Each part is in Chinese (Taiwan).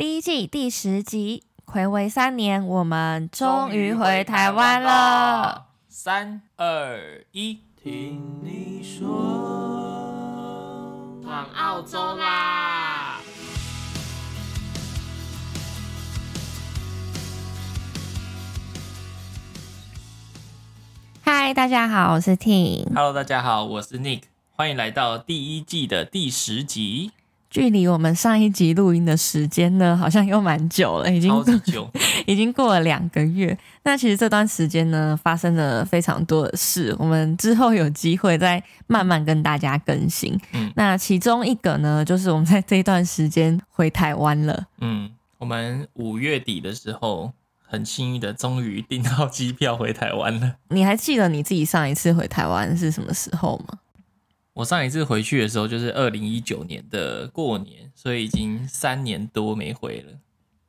第一季第十集，睽違三年，我們終於回台灣了。三二一，聽你說，闖澳洲啦！嗨，大家好，我是 Ting。Hello，大家好，我是 Nick。歡迎來到第一季的第十集。距離我們上一集錄音的時間呢，好像又蠻久了，已經已經過了兩個月。那其實這段時間呢，發生了非常多的事，我們之後有機會再慢慢跟大家更新。嗯，那其中一個呢，就是我們在這段時間回台灣了。嗯，我們五月底的時候，很幸運的終於訂到機票回台灣了。你還記得你自己上一次回台灣是什麼時候嗎？我上一次回去的時候就是二零一九年的過年，所以已經三年多沒回了。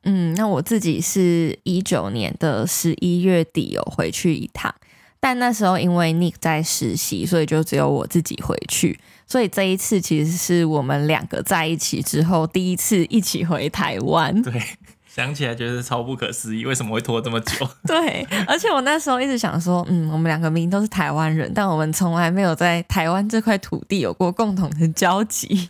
嗯，那我自己是一九年的十一月底有回去一趟，但那時候因為 Nick 在實習，所以就只有我自己回去。所以這一次其實是我們兩個在一起之後第一次一起回台灣。對。想起來覺得是超不可思議，為什麼會拖這麼久？對，而且我那時候一直想說，嗯，我們兩個明明都是台灣人，但我們從來沒有在台灣這塊土地有過共同的交集，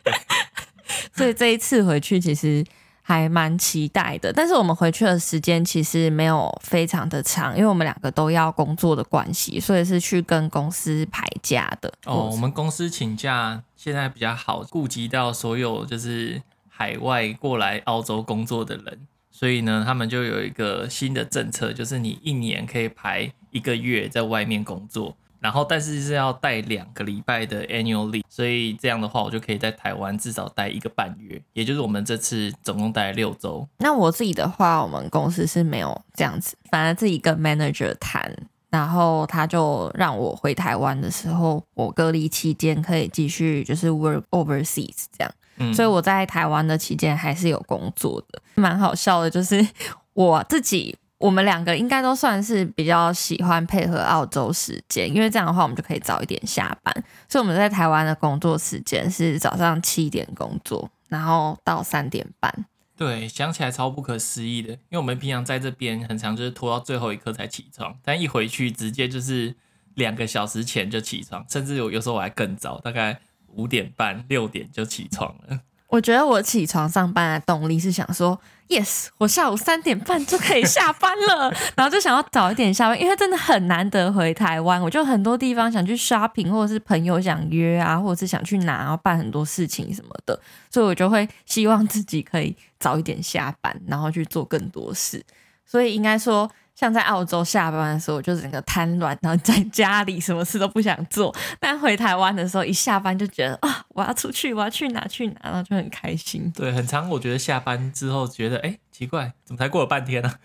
所以這一次回去其實還蠻期待的。但是我們回去的時間其實沒有非常的長，因為我們兩個都要工作的關係，所以是去跟公司排假的。哦，我們公司請假現在比較好，顧及到所有就是。海外過來澳洲工作的人，所以呢，他們就有一個新的政策，就是你一年可以排一個月在外面工作，然後但是是要帶兩個禮拜的 annual leave，所以這樣的話，我就可以在台灣至少待一個半月，也就是我們這次總共待六周。那我自己的話，我們公司是沒有這樣子，反而自己跟 manager 談，然後他就讓我回台灣的時候，我隔離期間可以繼續就是 work overseas 這樣。嗯、所以我在台灣的期間還是有工作的，蠻好笑的。就是我自己，我們兩個應該都算是比較喜歡配合澳洲時間，因為這樣的話我們就可以早一點下班。所以我們在台灣的工作時間是早上七點工作，然後到三點半。對，想起來超不可思議的，因為我們平常在這邊很常就是拖到最後一刻才起床，但一回去直接就是兩個小時前就起床，甚至有，有時候我還更早，大概。五點半六點就起床了。我覺得我起床上班的動力是想說，yes，我下午三點半就可以下班了。 然後就想要早一點下班，因為真的很難得回台灣。我就很多地方想去 shopping，或者是朋友想約啊，或者是想去哪辦很多事情什麼的。所以我就會希望自己可以早一點下班，然後去做更多事。所以應該說。像在澳洲下班的時候，我就整個癱軟，然後在家裡什麼事都不想做。但回台灣的時候，一下班就覺得啊、哦，我要出去，我要去哪去哪，然後就很開心對。對，很常我覺得下班之後覺得，哎、欸，奇怪，怎麼才過了半天呢、啊？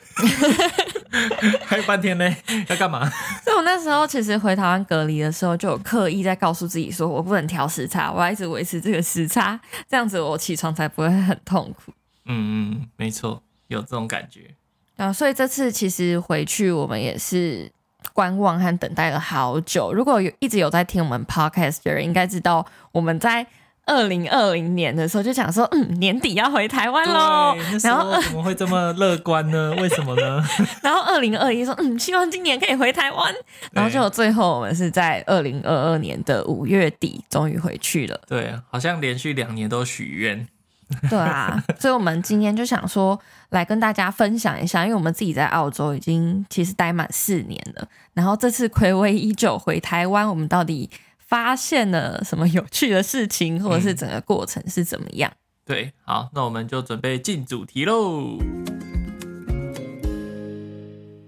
還有半天呢？要幹嘛？ 所以我那時候其實回台灣隔離的時候，就有刻意在告訴自己說，說我不能調時差，我要一直維持這個時差，這樣子我起床才不會很痛苦。嗯嗯，沒錯，有這種感覺。啊，所以這次其實回去我們也是觀望和等待了好久。如果有一直有在聽我們 podcast 的人，應該知道我們在二零二零年的時候就講說，嗯，年底要回台灣嘍。然後怎麼會這麼樂觀呢？ 為什麼呢？然後二零二一說，嗯，希望今年可以回台灣。然後就最後我們是在二零二二年的五月底終於回去了。對，好像連續兩年都許願。 對啊，所以，我們今天就想說來跟大家分享一下，因為我們自己在澳洲已經其實待滿四年了，然後這次睽違已久回台灣，我們到底發現了什麼有趣的事情，或者是整個過程是怎麼樣？嗯、對，好，那我們就準備進主題嘍。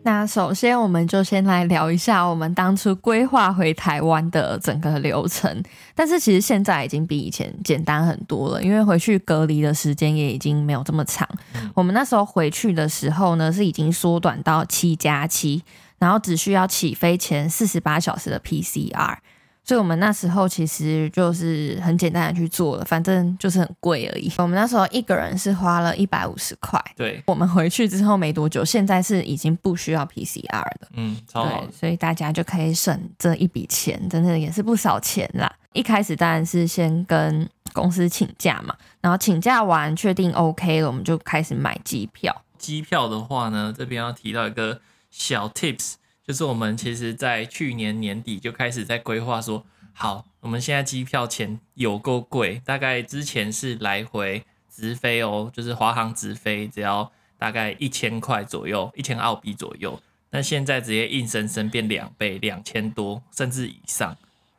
那首先，我們就先來聊一下我們當初規劃回台灣的整個流程。但是其實現在已經比以前簡單很多了，因為回去隔離的時間也已經沒有這麼長。嗯、我們那時候回去的時候呢，是已經縮短到七加七，然後只需要起飛前四十八小時的 PCR。所以我們那時候其實就是很簡單的去做了，反正就是很貴而已。我們那時候一個人是花了一百五十塊。對，我們回去之後沒多久，現在是已經不需要 PCR 了。嗯，超好的。對，所以大家就可以省這一筆錢，真的也是不少錢啦。一開始當然是先跟公司請假嘛，然後請假完確定 OK 了，我們就開始買機票。機票的話呢，這邊要提到一個小 tips。就是我們其實，在去年年底就開始在規劃，說好，我們現在機票錢有夠貴，大概之前是來回直飛哦，就是華航直飛，只要大概一千塊左右，一千澳幣左右。那現在直接硬生生變兩倍，兩千多甚至以上，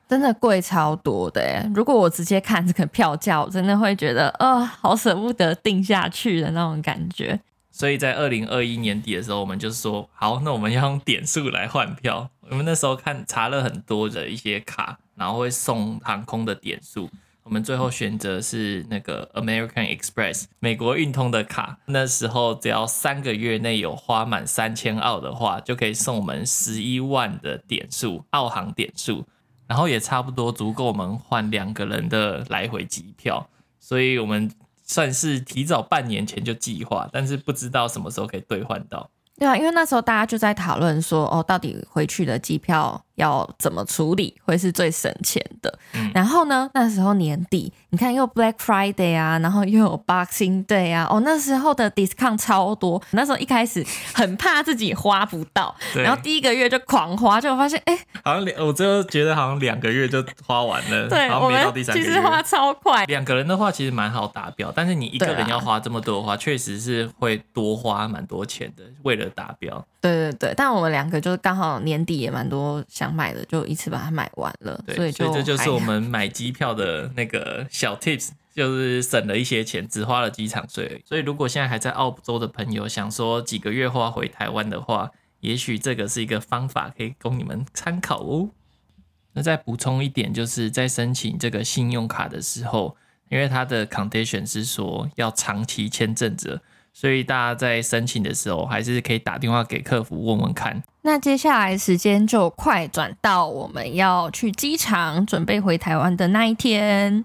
真的貴超多的誒、欸，如果我直接看這個票價，我真的會覺得，啊、呃，好捨不得訂下去的那種感覺。所以在二零二一年底的時候，我們就說，好，那我們要用點數來換票。我們那時候看查了很多的一些卡，然後會送航空的點數。我們最後選擇是那個 American Express 美國運通的卡。那時候只要三個月內有花滿三千澳的話，就可以送我們十一萬的點數，澳航點數。然後也差不多足夠我們換兩個人的來回機票。所以，我們。算是提早半年前就計劃，但是不知道什麼時候可以兌換到。對啊，因為那時候大家就在討論說，哦，到底回去的機票。要怎麼處理會是最省錢的，嗯？然後呢？那時候年底，你看又 Black Friday 啊，然後又有 Boxing Day 啊，哦，那時候的 discount 超多。那時候一開始很怕自己花不到，然後第一個月就狂花，就發現哎、欸，好像我就覺得好像兩個月就花完了 沒到第三個月，對，我們其實花超快。兩個人的話其實蠻好達標，但是你一個人要花這麼多的話，啊、確實是會多花蠻多錢的。為了達標，對對對，但我們兩個就是剛好年底也蠻多想。想買了就一次把它買完了，所以，所以這就是我們買機票的那個小 tips，哎，就是省了一些錢，只花了機場稅。所以如果現在還在澳洲的朋友想說幾個月後要回台灣的話，也許這個是一個方法可以供你們參考哦。那再補充一點，就是在申請這個信用卡的時候，因為它的 condition 是說要長期簽證者，所以大家在申請的時候還是可以打電話給客服問問看。那接下來時間就快轉到我們要去機場準備回台灣的那一天。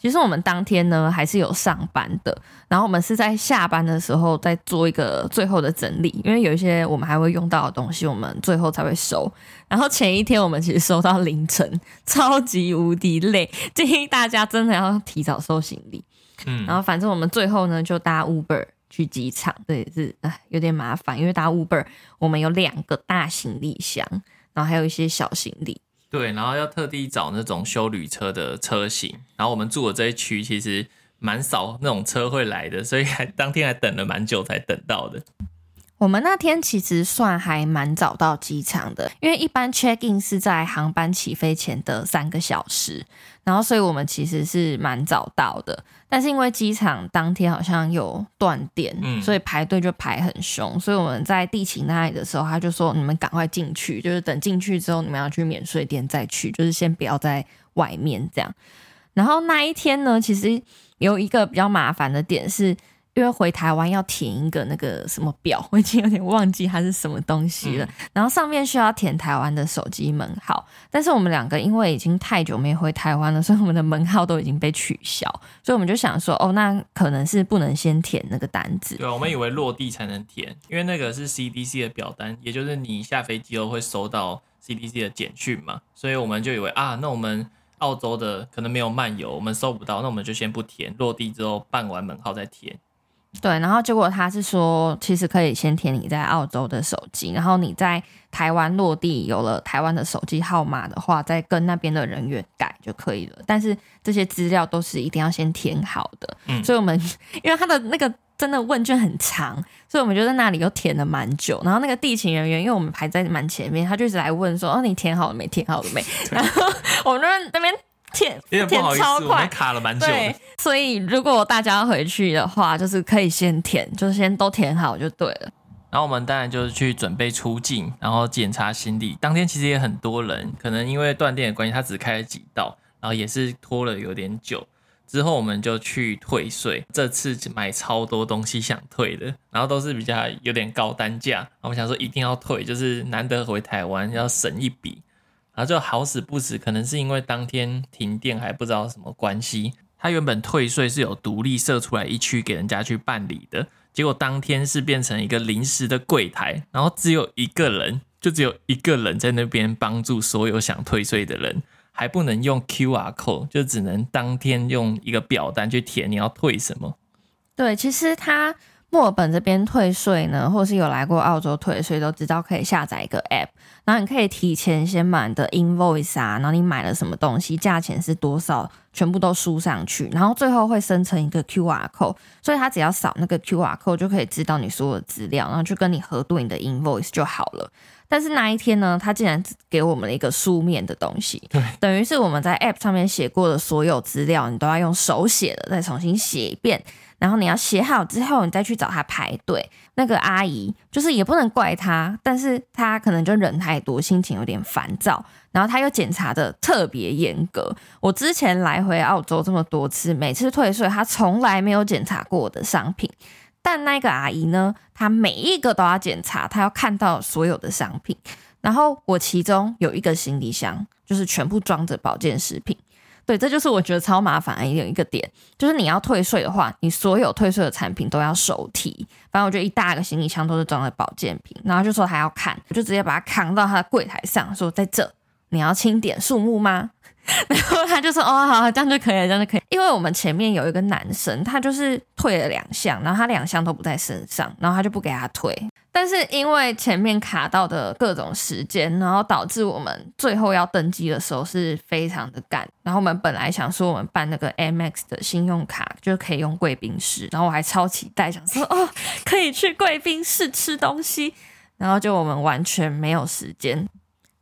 其實我們當天呢還是有上班的，然後我們是在下班的時候再做一個最後的整理，因為有一些我們還會用到的東西，我們最後才會收。然後前一天我們其實收到凌晨，超級無敵累，建議大家真的要提早收行李。嗯，然後反正我們最後呢就搭 Uber。去機場。對，是唉，有點麻煩，因為搭 Uber 我們有兩個大行李箱，然後還有一些小行李。對，然後要特地找那種休旅車的車型，然後我們住的這一區其實蠻少那種車會來的，所以還，當天還等了蠻久才等到的。我們那天其實算還蠻早到機場的，因為一般 check in 是在航班起飛前的三個小時，然後所以我們其實是蠻早到的。但是因為機場當天好像有斷電，所以排隊就排很凶。嗯、所以我們在地勤那裡的時候，他就說：“你們趕快進去，就是等進去之後，你們要去免稅店再去，就是先不要在外面這樣。”然後那一天呢，其實有一個比較麻煩的點是。因為回台灣要填一個那個什麼表，我已經有點忘記它是什麼東西了。嗯，然後上面需要填台灣的手機門號，但是我們兩個因為已經太久沒回台灣了，所以我們的門號都已經被取消。所以我們就想說，哦，那可能是不能先填那個單子。對啊，我們以為落地才能填，因為那個是 CDC 的表單，也就是你下飛機後會收到 CDC 的簡訊嘛。所以我們就以為啊，那我們澳洲的可能沒有漫遊，我們收不到，那我們就先不填，落地之後辦完門號再填。對，然後結果他是說，其實可以先填你在澳洲的手機，然後你在台灣落地有了台灣的手機號碼的話，再跟那邊的人員改就可以了。但是這些資料都是一定要先填好的，嗯、所以我們因為他的那個真的問卷很長，所以我們就在那裡又填了蠻久。然後那個地勤人員，因為我們排在蠻前面，他就是來問說：“哦，你填好了沒？填好了沒？”然後我們那邊。填，填，填超快，卡了蠻久，對，所以如果大家回去的話，就是可以先填，就是先都填好就對了。然後我們當然就是去準備出境，然後檢查行李。當天其實也很多人，可能因為斷電的關係，他只開了幾道，然後也是拖了有點久。之後我們就去退稅，這次買超多東西想退的，然後都是比較有點高單價，然後我們想說一定要退，就是難得回台灣要省一筆。然後就好死不死，可能是因為當天停電，還不知道什麼關係。他原本退稅是有獨立設出來一區給人家去辦理的，結果當天是變成一個臨時的櫃台，然後只有一個人，就只有一個人在那邊幫助所有想退稅的人，還不能用 QR Code，就只能當天用一個表單去填你要退什麼。對，其實他。墨爾本這邊退稅呢，或是有來過澳洲退稅都知道，可以下載一個 app，然後你可以提前先買你的 invoice 啊，然後你買了什麼東西，價錢是多少，全部都輸上去，然後最後會生成一個 QR code，所以他只要掃那個 QR code 就可以知道你所有的資料，然後去跟你核對你的 invoice 就好了。但是那一天呢，他竟然只給我們了一個書面的東西，等於是我們在 app 上面寫過的所有資料，你都要用手寫的再重新寫一遍。然後你要寫好之後，你再去找他排隊。那個阿姨就是也不能怪他，但是他可能就人太多，心情有點煩躁。然後他又檢查的特別嚴格。我之前來回澳洲這麼多次，每次退稅他從來沒有檢查過我的商品，但那個阿姨呢，他每一個都要檢查，他要看到所有的商品。然後我其中有一個行李箱，就是全部裝着保健食品。對，這就是我覺得超麻煩的一個點，就是你要退稅的話，你所有退稅的產品都要手提。反正我覺得一大個行李箱都是裝的保健品，然後就說還要看，我就直接把它扛到他的櫃檯上，說在這你要清點數目嗎？然後他就說哦好，好，這樣就可以，這樣就可以。因為我們前面有一個男生，他就是退了兩項，然後他兩項都不在身上，然後他就不給他退。但是因為前面卡到的各種時間，然後導致我們最後要登機的時候是非常的趕。然後我們本來想說，我們辦那個 AMEX 的信用卡就可以用貴賓室。然後我還超期待，想說哦，可以去貴賓室吃東西。然後就我們完全沒有時間，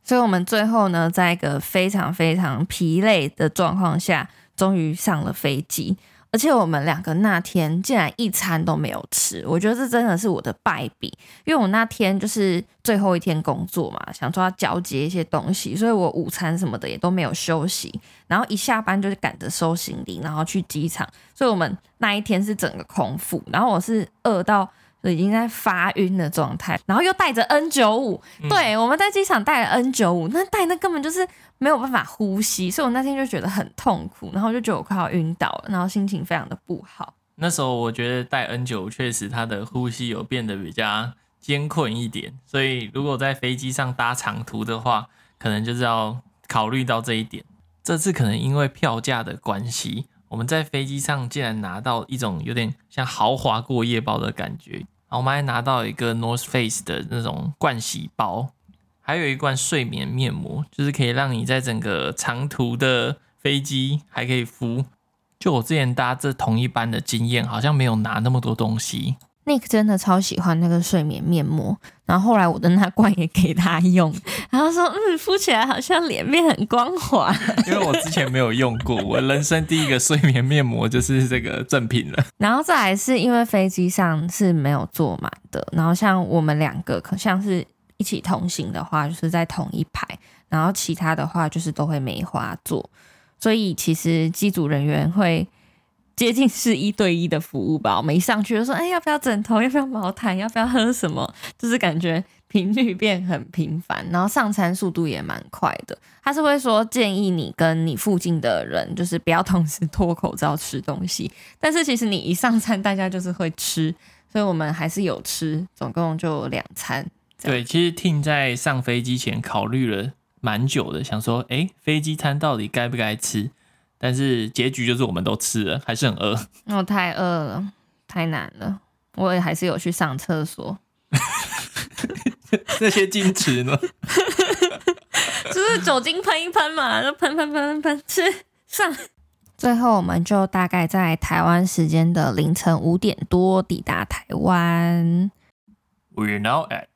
所以我們最後呢，在一個非常非常疲累的狀況下，終於上了飛機。而且我們兩個那天竟然一餐都沒有吃，我覺得這真的是我的敗筆，因為我那天就是最後一天工作嘛，想說要交接一些東西，所以我午餐什麼的也都沒有休息，然後一下班就是趕着收行李，然後去機場，所以我們那一天是整個空腹，然後我是餓到已經在發暈的狀態，然後又帶着 N95，對，我們在機場帶了 N95，那帶那根本就是。沒有辦法呼吸，所以我那天就覺得很痛苦，然後我就覺得我快要暈倒了，然後心情非常的不好。那時候我覺得戴 N9 確實它的呼吸有變得比較艱困一點，所以如果在飛機上搭長途的話，可能就是要考慮到這一點。這次可能因為票價的關係，我們在飛機上竟然拿到一種有點像豪華過夜包的感覺，我們還拿到一個 North Face 的那種冠喜包。還有一罐睡眠面膜，就是可以讓你在整個長途的飛機還可以敷。就我之前搭這同一班的經驗，好像沒有拿那麼多東西。Nick 真的超喜歡那個睡眠面膜，然後後來我的那罐也給他用，然後說嗯，敷起來好像臉面很光滑。因為我之前沒有用過，我人生第一個睡眠面膜就是這個正品了。 然後再來是因為飛機上是沒有坐滿的，然後像我們兩個，好像是。一起同行的話，就是在同一排，然後其他的話就是都會梅花座。所以其實機組人員會接近是一對一的服務吧。我們一上去就說：“哎，要不要枕頭？要不要毛毯？要不要喝什麼？”就是感覺頻率變很頻繁，然後上餐速度也蠻快的。他是會說建議你跟你附近的人就是不要同時脫口罩吃東西，但是其實你一上餐，大家就是會吃，所以我們還是有吃，總共就兩餐。對，其實 Ting 在上飛機前考慮了蠻久的，想說，哎，飛機餐到底該不該吃？但是結局就是我們都吃了，還是很餓。我、哦、太餓了，太難了，我也還是有去上廁所。那 些禁吃呢？ 就是酒精噴一噴嘛，就噴噴噴噴噴，吃上。了。最後，我們就大概在台灣時間的凌晨五點多抵達台灣。We are now at.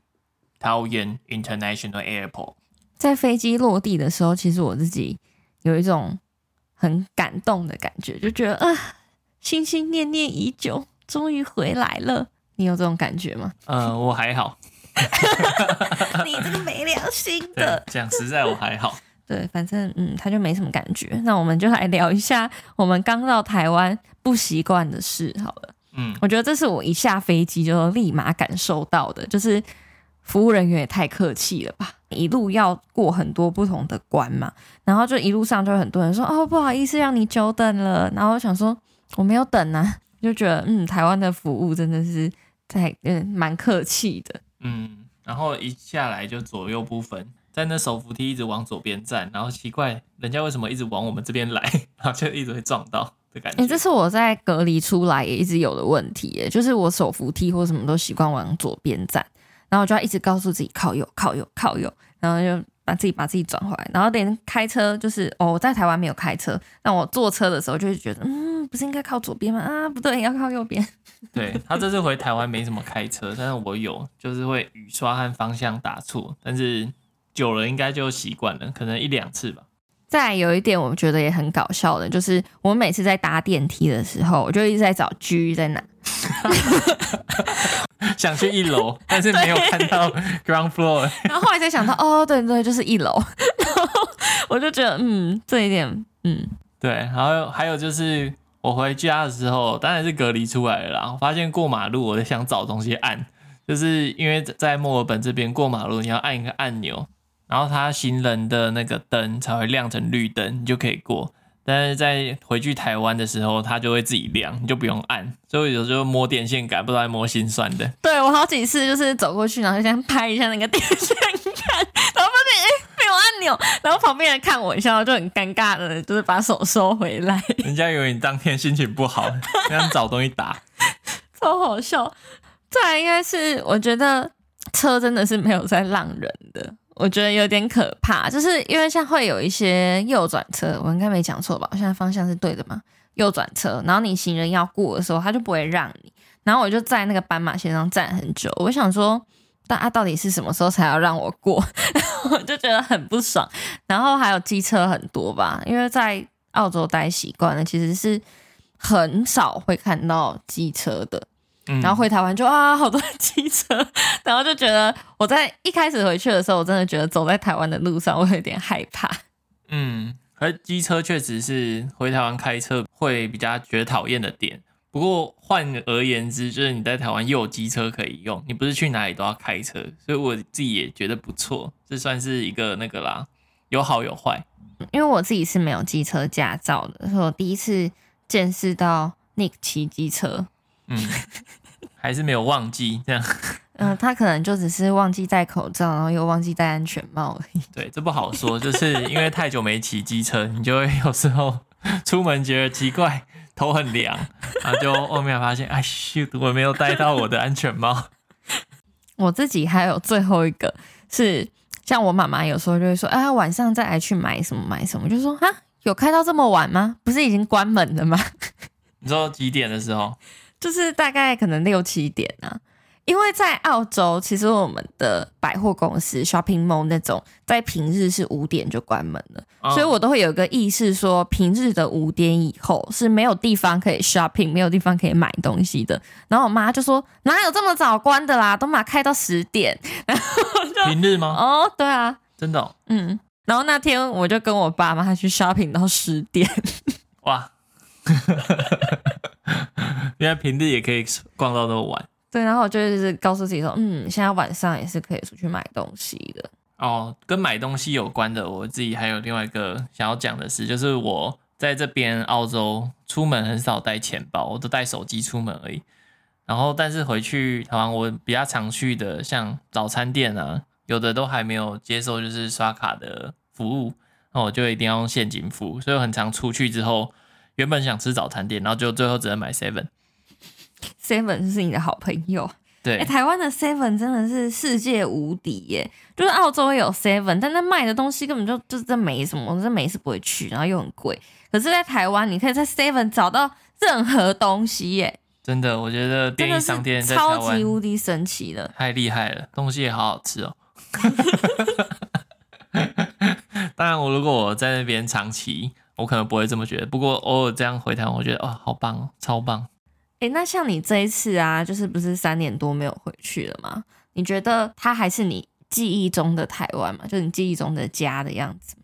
桃園 International Airport，在飛機落地的時候，其實我自己有一種很感動的感覺，就覺得啊，心心念念已久，終於回來了。你有這種感覺嗎？呃，我還好。 你這個沒良心的，講實在我還好。對，反正嗯，他就沒什麼感覺。那我們就來聊一下我們剛到台灣不習慣的事好了。嗯，我覺得這是我一下飛機就立馬感受到的，就是。服務人員也太客氣了吧！一路要過很多不同的關嘛，然後就一路上就很多人說：“哦，不好意思，讓你久等了。”然後我想說我沒有等啊，就覺得嗯，台灣的服務真的是在嗯蠻客氣的。嗯，然後一下來就左右不分，在那手扶梯一直往左邊站，然後奇怪人家為什麼一直往我們這邊來，然後就一直會撞到的感覺。欸，這是我在隔離出來也一直有的問題耶，就是我手扶梯或什麼都習慣往左邊站。然後就要一直告訴自己靠右，靠右，靠右，然後就把自己把自己轉回來。然後連開車就是哦，我在台灣沒有開車，那我坐車的時候就會覺得，嗯，不是應該靠左邊嗎？啊，不對，要靠右邊。對，他這次回台灣沒怎麼開車，但是我有，就是會雨刷和方向打錯，但是久了應該就習慣了，可能一兩次吧。再有一點，我覺得也很搞笑的，就是我每次在搭電梯的時候，我就一直在找 G 在哪。 想去一樓，但是沒有看到對 ground floor。然後後來才想到， 哦，對對，就是一樓。然後我就覺得，嗯，這一點，嗯，對。然後還有就是，我回家的時候，當然是隔離出來了。我發現過馬路，我就想找東西按，就是因為在墨爾本這邊過馬路，你要按一個按鈕，然後它行人的那個燈才會亮成綠燈，你就可以過。但是在回去台灣的時候，它就會自己亮，你就不用按。所以有時候摸電線桿，不知道在摸心酸的。對，我好幾次就是走過去，然後先拍一下那個電線桿， 然後發現哎，沒有按鈕，然後旁邊人看我一下，就很尷尬的，就是把手收回來。人家以為你當天心情不好，想 找東西打，超好笑。再來應該是我覺得車真的是沒有在讓人的。我覺得有點可怕，就是因為像會有一些右轉車，我應該沒講錯吧？我現在方向是對的嘛，右轉車，然後你行人要過的時候，他就不會讓你。然後我就在那個斑馬線上站很久，我想說，大家、啊、到底是什麼時候才要讓我過？然 後我就覺得很不爽。然後還有機車很多吧，因為在澳洲待習慣了，其實是很少會看到機車的。嗯、然後回台灣就啊，好多機車，然後就覺得我在一開始回去的時候，我真的覺得走在台灣的路上，我有點害怕。嗯，而機車確實是回台灣開車會比較覺得討厭的點。不過換而言之，就是你在台灣又有機車可以用，你不是去哪裡都要開車，所以我自己也覺得不錯。這算是一個那個啦，有好有壞，嗯。因為我自己是沒有機車駕照的，所以我第一次見識到 Nick 騎機車。嗯，還是沒有忘記這樣。嗯、呃，他可能就只是忘記戴口罩，然後又忘記戴安全帽。對，這不好說，就是因為太久沒騎機車，你就會有時候出門覺得奇怪，頭很涼，然後就後面、哦、發現，哎，我沒有戴到我的安全帽。我自己還有最後一個是，像我媽媽有時候就會說，哎、啊，晚上再來去買什麼買什麼，我就說，啊，有開到這麼晚嗎？不是已經關門了嗎？你說幾點的時候？就是大概可能六七點啊，因為在澳洲，其實我們的百貨公司 shopping mall 那種在平日是五點就關門了，哦，所以我都會有一個意識說平日的五點以後是沒有地方可以 shopping，沒有地方可以買東西的。然後我媽就說：“哪有這麼早關的啦？都嘛開到十點。”然後就平日嗎？哦，對啊，真的，哦，嗯。然後那天我就跟我爸媽去 shopping 到十點，哇！ 因為平日也可以逛到那麼晚，對，然後就是告訴自己說，嗯，現在晚上也是可以出去買東西的。哦，跟買東西有關的，我自己還有另外一個想要講的是，就是我在這邊澳洲出門很少帶錢包，我都帶手機出門而已。然後，但是回去台灣，好像我比較常去的像早餐店啊，有的都還沒有接受就是刷卡的服務，那、哦、我就一定要用現金付，所以我很常出去之後，原本想吃早餐店，然後就最後只能買 Seven。Seven 是你的好朋友，對。欸、台灣的 Seven 真的是世界無敵耶！就是澳洲也有 Seven，但那賣的東西根本就就真沒什麼，真什是不會去，然後又很貴。可是，在台灣，你可以在 Seven 找到任何東西耶！真的，我覺得便利商店超級無敵神奇的，太厲害了，東西也好好吃哦、喔。 當然，我如果我在那邊長期，我可能不會這麼覺得。不過偶爾這樣回台灣，我覺得哦，好棒哦，超棒。欸，那像你這一次啊，就是不是三年多沒有回去了嗎？你覺得它還是你記憶中的台灣嗎？就你記憶中的家的樣子嗎？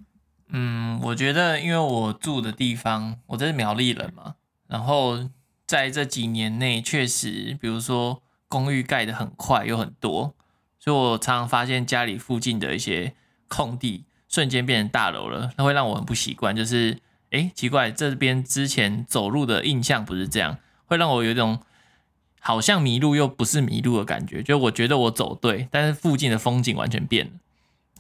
嗯，我覺得，因為我住的地方，我這是苗栗人嘛，然後在這幾年內，確實，比如說公寓蓋得很快又很多，所以我常常發現家裡附近的一些空地瞬間變成大樓了，那會讓我很不習慣，就是哎，奇怪，這邊之前走路的印象不是這樣。會讓我有一種好像迷路又不是迷路的感覺，就我覺得我走對，但是附近的風景完全變了，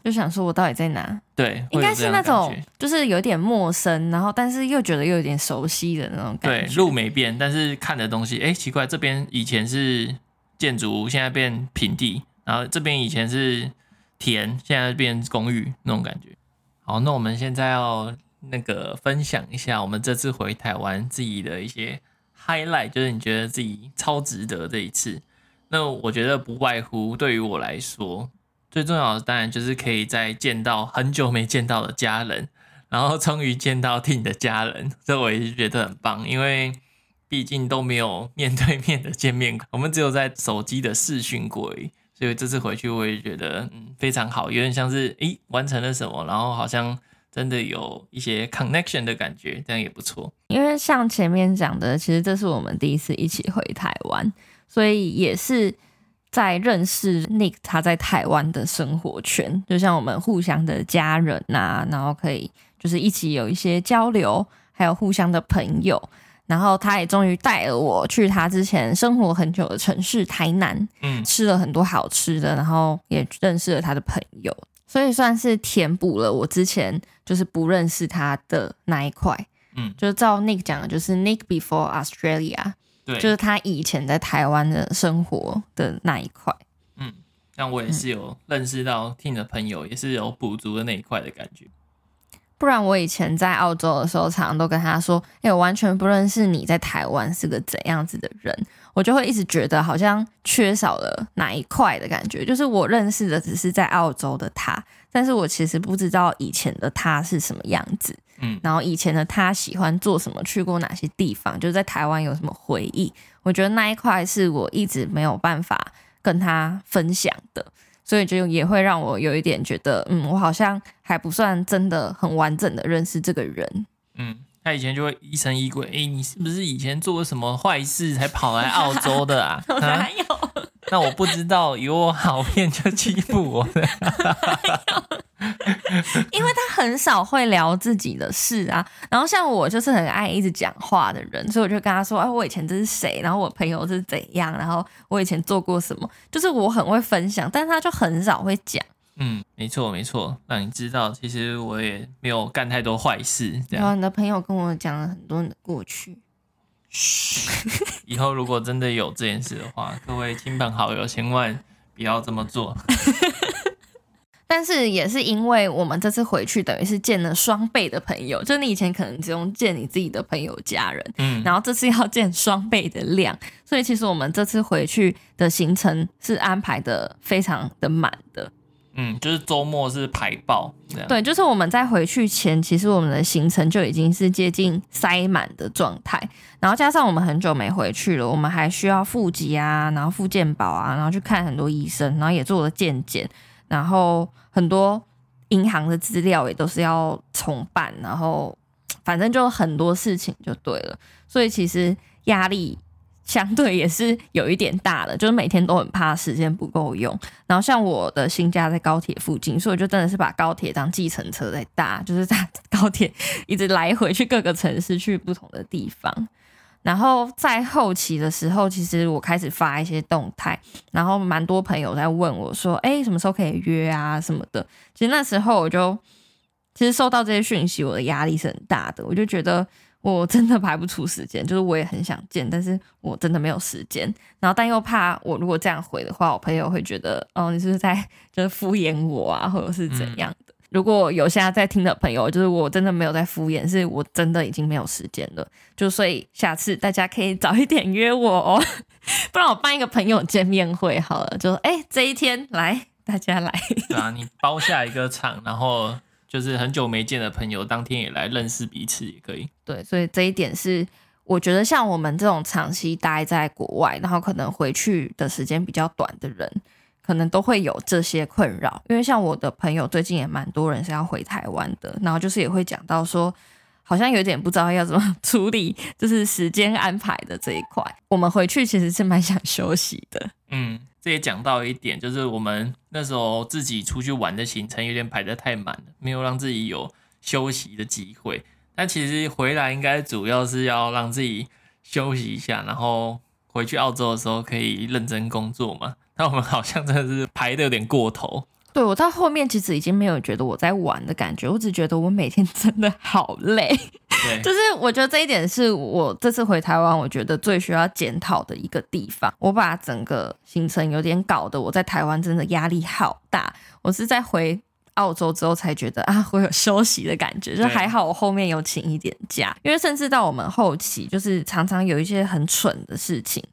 就想說我到底在哪？對，應該是那種就是有點陌生，然後但是又覺得又有點熟悉的那種感覺。對，路沒變，但是看的東西，哎，奇怪，這邊以前是建築，現在變平地，然後這邊以前是田，現在變公寓那種感覺。好，那我們現在要那個分享一下我們這次回台灣自己的一些 Highlight 就是你覺得自己超值得這一次。那我覺得不外乎對於我來說，最重要的當然就是可以再見到很久沒見到的家人，然後終於見到 Ting 的家人，這我也覺得很棒。因為畢竟都沒有面對面的見面，我們只有在手機的視訊過而已。所以這次回去我也覺得嗯非常好，有點像是誒完成了什麼，然後好像。真的有一些 connection 的感覺，這樣也不錯。因為像前面講的，其實這是我們第一次一起回台灣，所以也是在認識 Nick 他在台灣的生活圈，就像我們互相的家人吶、啊，然後可以就是一起有一些交流，還有互相的朋友。然後他也終於帶了我去他之前生活很久的城市台南，嗯，吃了很多好吃的，然後也認識了他的朋友。所以算是填補了我之前就是不認識他的那一塊，嗯，就照 Nick 講的，就是 Nick before Australia，對，就是他以前在台灣的生活的那一塊，嗯，那我也是有認識到 Ting 的朋友，嗯、也是有補足的那一塊的感覺。不然我以前在澳洲的時候，常常都跟他說，哎、欸，我完全不認識你在台灣是個怎樣子的人。我就會一直覺得好像缺少了哪一塊的感覺，就是我認識的只是在澳洲的他，但是我其實不知道以前的他是什麼樣子，嗯，然後以前的他喜歡做什麼，去過哪些地方，就是、在台灣有什麼回憶，我覺得那一塊是我一直沒有辦法跟他分享的，所以就也會讓我有一點覺得，嗯，我好像還不算真的很完整的認識這個人，嗯。他以前就會疑神疑鬼，哎、欸，你是不是以前做過什麼壞事才跑來澳洲的啊？哪 有蛤？ 那我不知道有我好騙就欺負我的。 因為他很少會聊自己的事啊。然後像我就是很愛一直講話的人，所以我就跟他說，哎、啊，我以前這是誰？然後我朋友是怎樣？然後我以前做過什麼？就是我很會分享，但他就很少會講。嗯，沒錯沒錯，讓你知道，其實我也沒有幹太多壞事，這樣。然後、哦、你的朋友跟我講了很多你的過去。噓。以後如果真的有這件事的話，各位親朋好友千萬不要這麼做。 但是也是因為我們這次回去，等於是見了雙倍的朋友。就你以前可能只用見你自己的朋友家人，嗯，然後這次要見雙倍的量，所以其實我們這次回去的行程是安排的非常的滿的。嗯，就是周末是排爆，對，就是我們在回去前，其實我們的行程就已經是接近塞滿的狀態，然後加上我們很久沒回去了，我們還需要復籍啊，然後復健保啊，然後去看很多醫生，然後也做了健檢，然後很多銀行的資料也都是要重辦，然後反正就很多事情就對了，所以其實壓力。相對也是有一點大的，就是每天都很怕時間不夠用。然後像我的新家在高鐵附近，所以我就真的是把高鐵當計程車在搭，就是在高鐵一直來回去各個城市，去不同的地方。然後在後期的時候，其實我開始發一些動態，然後蠻多朋友在問我說：“欸，什麼時候可以約啊？什麼的。”其實那時候我就其實收到這些訊息，我的壓力是很大的，我就覺得。我真的排不出時間，就是我也很想見，但是我真的沒有時間。然後，但又怕我如果這樣回的話，我朋友會覺得，哦，你是不是在就是敷衍我啊，或者是怎樣的、嗯。如果有現在在聽的朋友，就是我真的沒有在敷衍，是我真的已經沒有時間了。就所以下次大家可以早一點約我哦， 不然我辦一個朋友見面會好了。就說，哎、欸，這一天來，大家來，啊， 你包下一個場，然後。就是很久沒見的朋友，當天也來認識彼此也可以。對，所以這一點是我覺得，像我們這種長期待在國外，然後可能回去的時間比較短的人，可能都會有這些困擾。因為像我的朋友，最近也蠻多人是要回台灣的，然後就是也會講到說，好像有點不知道要怎麼處理，就是時間安排的這一塊。我們回去其實是蠻想休息的，嗯。這也講到一點，就是我們那時候自己出去玩的行程有點排得太滿了，沒有讓自己有休息的機會。但其實回來應該主要是要讓自己休息一下，然後回去澳洲的時候可以認真工作嘛。但我們好像真的是排得有點過頭。對，我到後面其實已經沒有覺得我在玩的感覺，我只覺得我每天真的好累。對。 就是我覺得這一點是我這次回台灣，我覺得最需要檢討的一個地方。我把整個行程有點搞得我在台灣真的壓力好大。我是在回澳洲之後才覺得啊，我有休息的感覺，就還好。我後面有請一點假，因為甚至到我們後期，就是常常有一些很蠢的事情，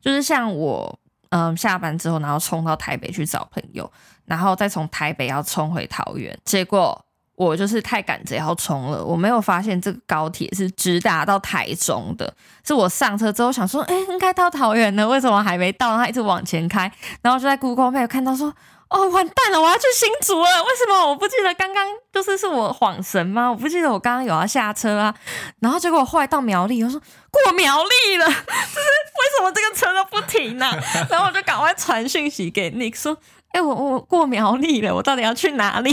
就是像我嗯、呃、下班之後，然後衝到台北去找朋友。然後再從台北要衝回桃園，結果我就是太趕着要衝了，我沒有發現這個高鐵是直達到台中的。是我上車之後想說，哎、欸，應該到桃園了，為什麼還沒到？然後他一直往前開，然後就在 Google Map 看到說，說哦，完蛋了，我要去新竹了。為什麼我不記得剛剛就是，是我恍神嗎？我不記得我剛剛有要下車啊。然後結果後來到苗栗，我說過苗栗了，就是為什麼這個車都不停呢、啊？然後我就趕快傳訊息給 Nick 說。哎、欸，我我過苗栗了，我到底要去哪裡？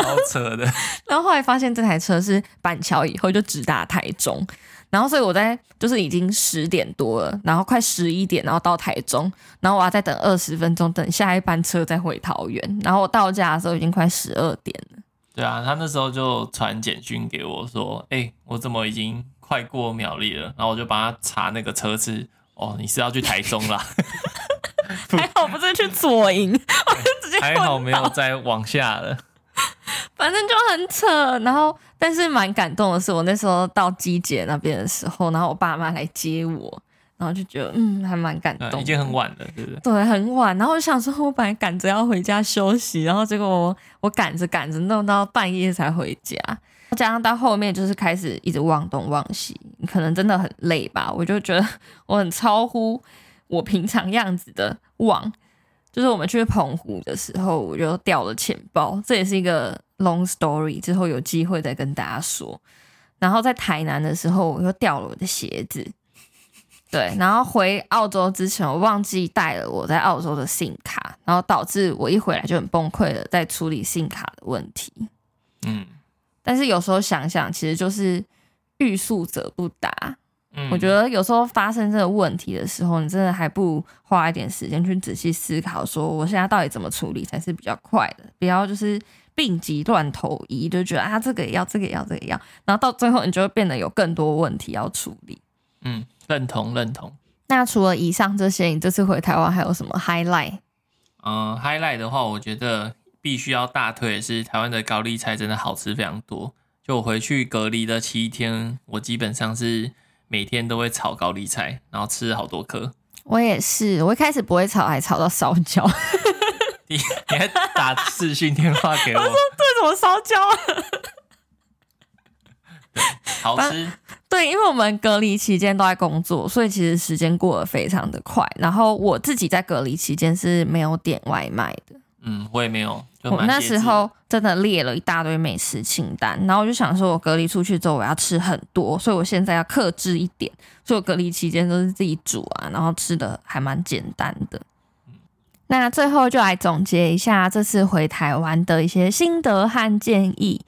超扯的 。然後後來發現這台車是板橋以後就直達台中，然後所以我在就是已經十點多了，然後快十一點，然後到台中，然後我要再等二十分鐘等下一班車再回桃園，然後我到家的時候已經快十二點了。對啊，他那時候就傳簡訊給我說：“哎、欸，我怎麼已經快過苗栗了？”然後我就幫他查那個車次，哦，你是要去台中啦？ 還好不是去左營、嗯，還好沒有再往下了。 反正就很扯，然後但是蠻感動的是，我那時候到基姐那邊的時候，然後我爸媽來接我，然後就覺得嗯，還蠻感動、嗯。已經很晚了，對不對？對，很晚。然後我想說，我本來趕着要回家休息，然後結果我趕着趕着弄到半夜才回家，加上到後面就是開始一直忘東忘西，可能真的很累吧。我就覺得我很超乎。我平常樣子的忘，就是我們去澎湖的時候，我就掉了錢包，這也是一個 long story，之後有機會再跟大家說。然後在台南的時候，我又掉了我的鞋子，對，然後回澳洲之前，我忘記帶了我在澳洲的 SIM 卡，然後導致我一回來就很崩潰了，在處理 SIM 卡的問題。嗯，但是有時候想想，其實就是欲速則不達。我覺得有時候發生這個問題的時候，你真的還不如花一點時間去仔細思考，說我現在到底怎麼處理才是比較快的，不要就是病急亂投醫，就覺得啊，這個也要，這個也要，這個也要，然後到最後你就會變得有更多問題要處理。嗯，認同認同。那除了以上這些，你這次回台灣還有什麼 highlight？嗯，uh，highlight 的話，我覺得必須要大推是台灣的高麗菜真的好吃非常多。就我回去隔離的七天，我基本上是。每天都會炒高麗菜，然後吃好多顆。我也是，我一開始不會炒，還炒到燒焦。 你還打視訊電話給我， 我說對，怎麼燒焦了？好吃。對，因為我們隔離期間都在工作，所以其實時間過得非常的快。然後我自己在隔離期間是沒有點外賣的。嗯，我也沒有。就我那時候真的列了一大堆美食清單，然後我就想說，我隔離出去之後我要吃很多，所以我現在要克制一點。所以我隔離期間都是自己煮啊，然後吃的還蠻簡單的。嗯，那最後就來總結一下這次回台灣的一些心得和建議。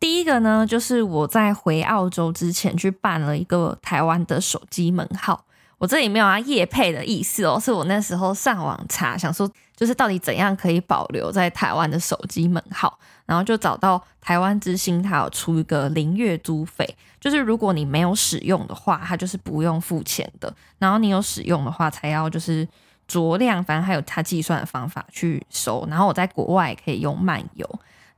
第一個呢，就是我在回澳洲之前去辦了一個台灣的手機門號。我這裡沒有啊，業配的意思哦，是我那時候上網查，想說就是到底怎樣可以保留在台灣的手機門號，然後就找到台灣之星，它有出一個零月租費，就是如果你沒有使用的話，它就是不用付錢的，然後你有使用的話才要就是酌量，反正還有它計算的方法去收。然後我在國外也可以用漫遊，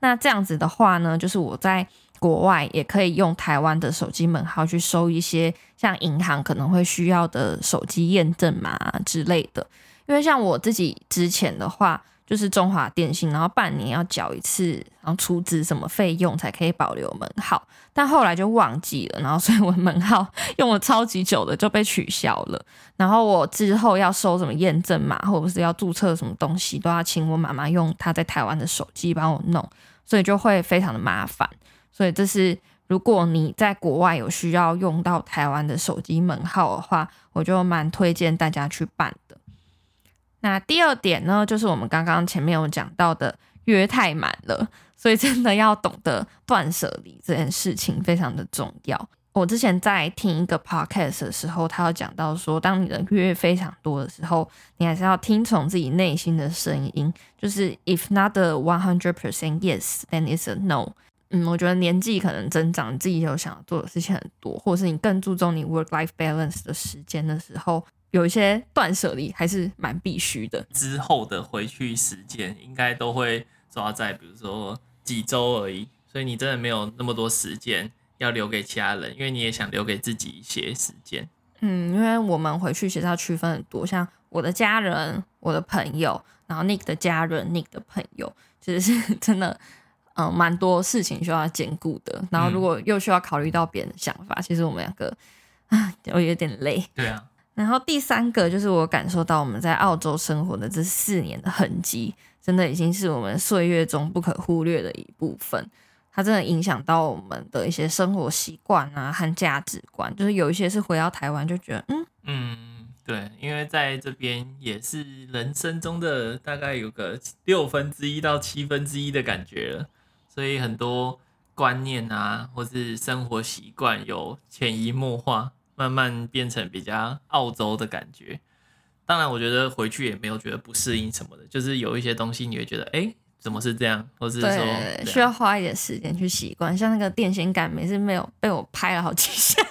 那這樣子的話呢，就是我在。國外也可以用台灣的手機門號去收一些像銀行可能會需要的手機驗證碼之類的，因為像我自己之前的話，就是中華電信，然後半年要繳一次，然後出資什麼費用才可以保留門號，但後來就忘記了，然後所以我門號用了超級久的就被取消了，然後我之後要收什麼驗證碼，或者是要注冊什麼東西，都要請我媽媽用她在台灣的手機幫我弄，所以就會非常的麻煩。所以這是如果你在國外有需要用到台灣的手機門號的話，我就蠻推薦大家去辦的。那第二點呢，就是我們剛剛前面有講到的約太滿了，所以真的要懂得斷捨離這件事情非常的重要。我之前在聽一個 podcast 的時候，他有講到說，當你的約非常多的時候，你還是要聽從自己內心的聲音，就是 if not the one hundred percent yes，then it's a no。嗯，我覺得年紀可能增長，你自己有想做的事情很多，或者是你更注重你 work life balance 的時間的時候，有一些斷舍離還是蠻必須的。之後的回去時間應該都會抓在比如說幾周而已，所以你真的沒有那麼多時間要留給家人，因為你也想留給自己一些時間。嗯，因為我們回去其實要區分很多，像我的家人、我的朋友，然後 Nick 的家人、Nick 的朋友，其實是真的。嗯，蠻多事情需要兼顧的，然後如果又需要考慮到別人的想法，嗯、其實我們兩個啊，我有點累。對啊。然後第三個就是我感受到我們在澳洲生活的這四年的痕跡，真的已經是我們歲月中不可忽略的一部分。它真的影響到我們的一些生活習慣啊和價值觀，就是有一些是回到台灣就覺得，嗯嗯，對，因為在這邊也是人生中的大概有個六分之一到七分之一的感覺了。所以很多觀念啊，或是生活習慣，有潛移默化，慢慢變成比較澳洲的感覺。當然，我覺得回去也沒有覺得不適應什麼的，就是有一些東西你會覺得，哎、欸，怎麼是這樣？或是說，對對對，需要花一點時間去習慣。像那個電線桿，每次沒有被我拍了好幾下，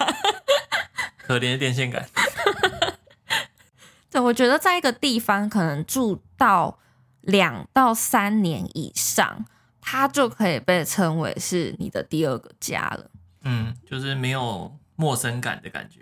可憐的電線桿。 對，我覺得在一個地方可能住到兩到三年以上。它就可以被稱為是你的第二個家了。嗯，就是沒有陌生感的感覺。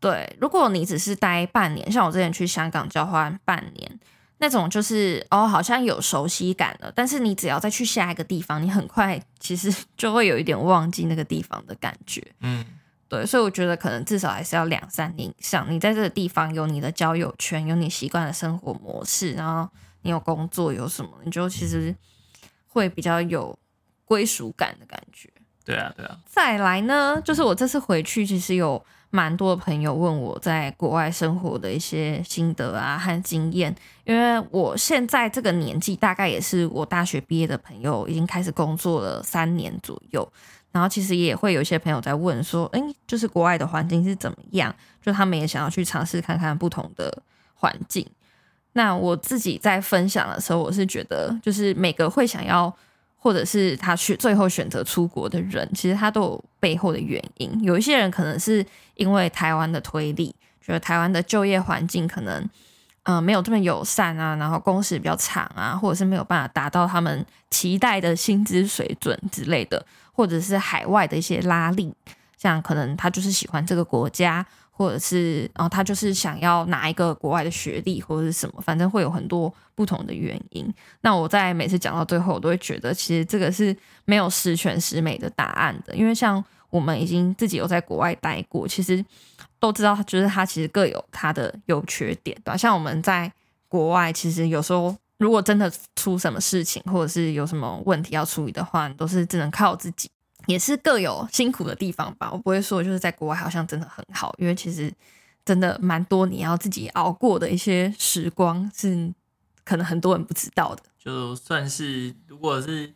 對，如果你只是待半年，像我之前去香港交換半年，那種就是哦，好像有熟悉感了。但是你只要再去下一個地方，你很快其實就會有一點忘記那個地方的感覺。嗯，對，所以我覺得可能至少還是要兩三年以上。你在這個地方有你的交友圈，有你習慣的生活模式，然後你有工作，有什麼你就其實。會比較有歸屬感的感覺。對啊，對啊。再來呢，就是我這次回去，其實有蠻多朋友問我在國外生活的一些心得啊和經驗，因為我現在這個年紀，大概也是我大學畢業的朋友，已經開始工作了三年左右。然後其實也會有一些朋友在問說，誒，就是國外的環境是怎麼樣？就他們也想要去嘗試看看不同的環境。那我自己在分享的時候，我是覺得，就是每個會想要，或者是他去最後選擇出國的人，其實他都有背後的原因。有一些人可能是因為台灣的推力，覺得台灣的就業環境可能，嗯、呃，沒有這麼友善啊，然後工時比較長啊，或者是沒有辦法達到他們期待的薪資水準之類的，或者是海外的一些拉力。像可能他就是喜歡這個國家，或者是然後、哦、他就是想要拿一個國外的學歷，或者是什麼，反正會有很多不同的原因。那我在每次講到最後，我都會覺得其實這個是沒有十全十美的答案的，因為像我們已經自己有在國外待過，其實都知道，就是他其實各有他的優缺點對吧？啊。像我們在國外，其實有時候如果真的出什麼事情，或者是有什麼問題要處理的話，都是只能靠自己。也是各有辛苦的地方吧。我不會說就是在國外好像真的很好，因為其實真的蠻多你要自己熬過的一些時光是可能很多人不知道的。就算是如果是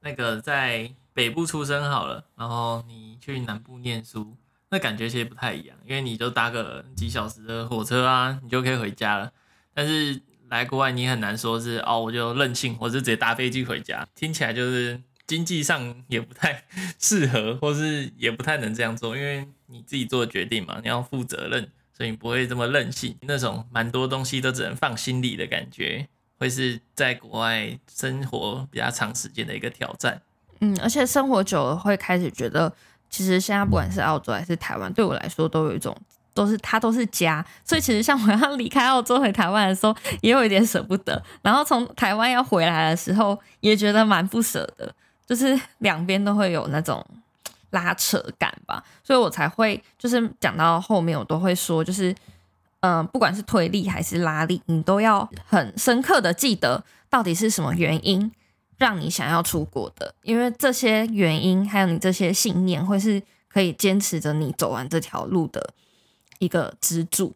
那個在北部出生好了，然後你去南部念書，那感覺其實不太一樣，因為你就搭個幾小時的火車啊，你就可以回家了。但是來國外，你很難說是哦，我就任性，我就直接搭飛機回家，聽起來就是。經濟上也不太適合，或是也不太能這樣做，因為你自己做決定嘛，你要負責任，所以你不會這麼任性。那種蠻多東西都只能放心裡的感覺，會是在國外生活比較長時間的一個挑戰。嗯，而且生活久了會開始覺得，其實現在不管是澳洲還是台灣，對我來說都有一種，都是它都是家。所以其實像我要離開澳洲回台灣的時候，也有一點捨不得，然後從台灣要回來的時候，也覺得蠻不捨得。就是兩邊都會有那種拉扯感吧，所以我才會就是講到後面我都會說，就是嗯、呃，不管是推力還是拉力，你都要很深刻的記得到底是什麼原因讓你想要出國的，因為這些原因還有你這些信念會是可以堅持着你走完這條路的一個支柱。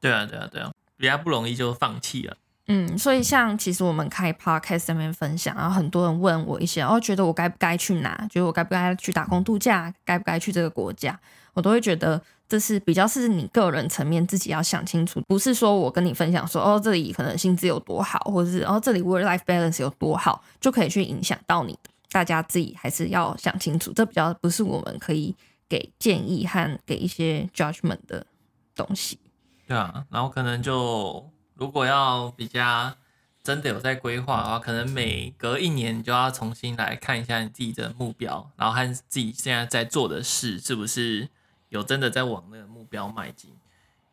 對啊，對啊，對啊，比較不容易就放棄了。嗯，所以像其實我們開 podcast 上面分享，然後很多人問我一些，然後、哦、覺得我該不該去哪，覺得我該不該去打工度假，該不該去這個國家，我都會覺得這是比較是你個人層面自己要想清楚，不是說我跟你分享說哦這裡可能薪資有多好，或者是哦這裡 work life balance 有多好，就可以去影響到你。大家自己還是要想清楚，這比較不是我們可以給建議和給一些 judgment 的東西。對啊，然後可能就。如果要比較真的有在規劃的話，可能每隔一年你就要重新來看一下你自己的目標，然後看自己現在在做的事是不是有真的在往那個目標邁進。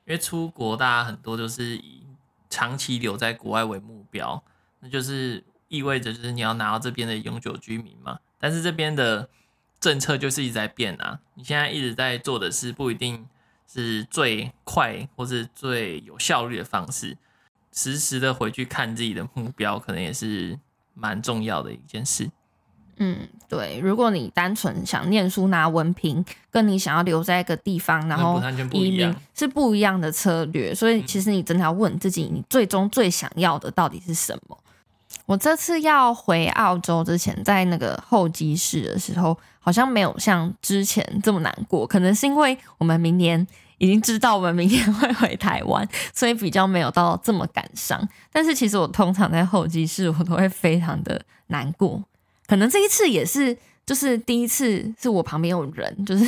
因為出國，大家很多都是以長期留在國外為目標，那就是意味着就是你要拿到這邊的永久居民嘛。但是這邊的政策就是一直在變啊，你現在一直在做的事不一定是最快或是最有效率的方式。時時的回去看自己的目標，可能也是蠻重要的一件事。嗯，對。如果你單純想念書拿文憑，跟你想要留在一個地方，然後移民一樣，是不一樣的策略。所以，其實你真的要問自己，你最終最想要的到底是什麼？嗯。我這次要回澳洲之前，在那個候機室的時候，好像沒有像之前這麼難過。可能是因為我們明年。已經知道我們明天會回台灣，所以比較沒有到這麼感傷。但是其實我通常在候機室，我都會非常的難過。可能這一次也是，就是第一次是我旁邊有人，就是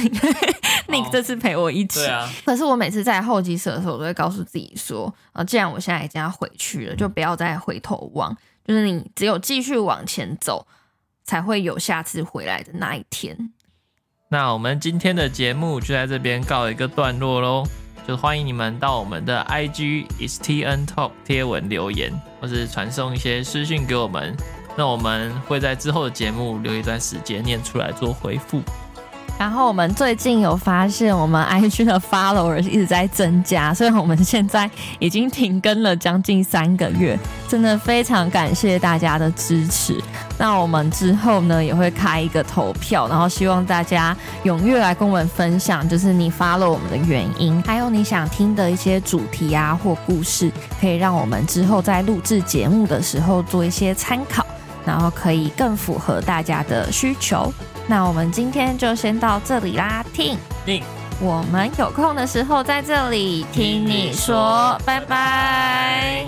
Nick 這次陪我一起。對啊。可是我每次在候機室的時候，我都會告訴自己說：啊，既然我現在已經要回去了，就不要再回頭望。就是你只有繼續往前走，才會有下次回來的那一天。那我們今天的節目就在這邊告一個段落嘍，就歡迎你們到我們的 IG itstntalk 貼文留言，或是傳送一些私訊給我們，那我們會在之後的節目留一段時間念出來做回復。然後我們最近有發現，我們 IG 的 followers 一直在增加，雖然我們現在已經停更了將近三個月，真的非常感謝大家的支持。那我們之後呢，也會開一個投票，然後希望大家踴躍來跟我們分享，就是你 follow 我們的原因，還有你想聽的一些主題啊或故事，可以讓我們之後在錄製節目的時候做一些參考，然後可以更符合大家的需求。那我們今天就先到這裡啦！聽，聽，我們有空的時候在這裡聽你說，拜拜。